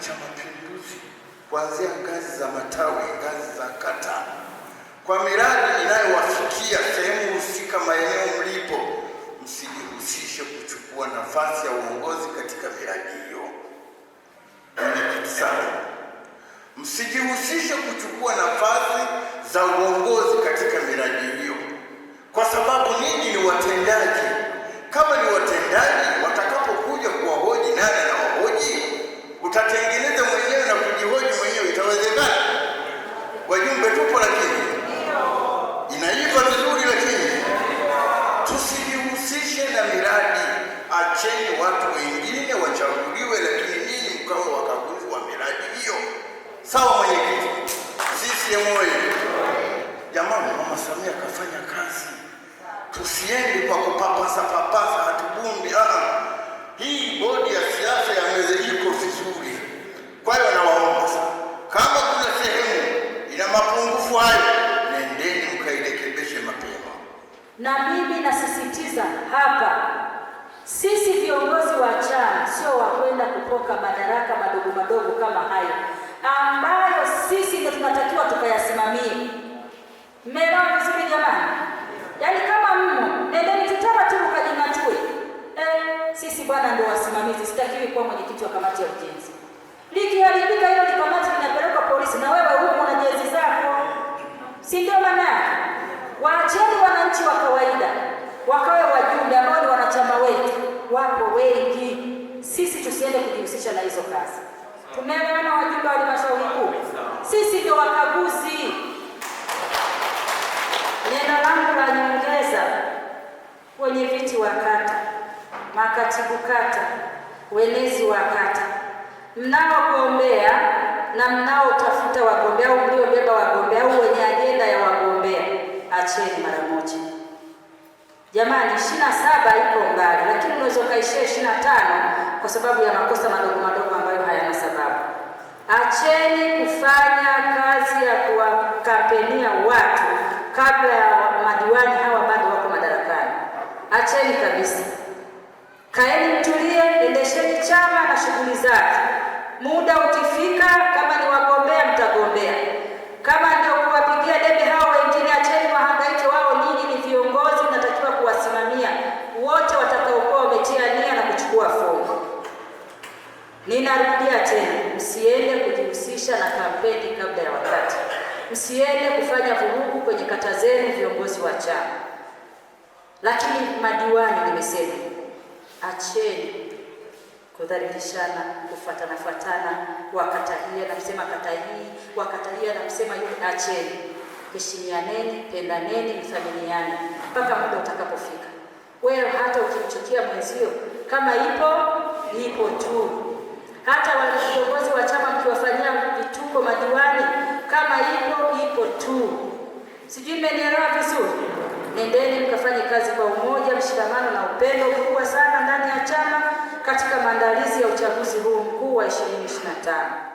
cha Mapinduzi kuanzia ngazi za matawi, ngazi za kata, kwa miradi inayowafikia sehemu husika, maeneo mlipo, msijihusishe kuchukua nafasi ya uongozi katika miradi hiyo. Sana, msijihusishe kuchukua nafasi za uongozi katika miradi hiyo. acheni watu wengine wachaguliwe, lakini ninyi mkawa wakaguzi wa miradi hiyo. Sawa mwenyekiti? CCM oyee! Jamani, mama Samia kafanya kazi, tusiende kwa kupapasa papasa, hatubumbi. Ah, hii bodi ya siasa ya meze iko vizuri. Kwa hiyo nawaomba sana, kama kuna sehemu ina mapungufu hayo, nendeni mkairekebishe mapema, na mimi nasisitiza hapa sisi viongozi wa chama sio wa kwenda kupoka madaraka madogo madogo kama hayo, ambayo sisi ndio tunatakiwa tukayasimamie. Mmeelewa vizuri jamani? Yaani kama mmo nendeni tutara tu mkajinatue. Eh, sisi bwana ndio wasimamizi, sitakiwi kuwa mwenyekiti wa kamati ya ujenzi. Likiharibika hilo, kamati inapelekwa polisi na wewe sisi tusiende kujihusisha na hizo kazi. Tumeona wajumbe wa halmashauri kuu? Sisi ndio wakaguzi. Neno langu la nyongeza, wenye viti wa kata, makatibu kata, wenezi wa kata, mnaogombea na mnaotafuta wagombea au mliobeba wagombea au wenye ajenda ya wagombea, acheni mara moja. Jamani, ishirini na saba iko mbali, lakini unaweza ukaishia ishirini na tano kwa sababu ya makosa madogo madogo ambayo hayana sababu. Acheni kufanya kazi ya kuwakampenia watu kabla ya madiwani hawa bado wako madarakani. Acheni kabisa, kaeni mtulie, endesheni chama na shughuli zake, muda ukifika Ninarudia tena, msiende kujihusisha na kampeni kabla ya wakati, msiende kufanya vurugu kwenye kata zenu, viongozi wa chama. Lakini madiwani, nimesema acheni kudhalilishana, kufatana wakata hii anamsema kata hii, wakata hii anamsema yule. Acheni, heshimianeni, pendaneni, mthaminiane mpaka muda utakapofika. Wewe hata ukimchukia mwenzio, kama ipo ipo tu. Hata wale viongozi wa chama mkiwafanyia vituko madiwani, kama ipo ipo tu. Sijui mmenielewa vizuri? Nendeni mkafanye kazi kwa umoja, mshikamano na upendo mkubwa sana ndani ya chama katika maandalizi ya uchaguzi huu mkuu wa 2025.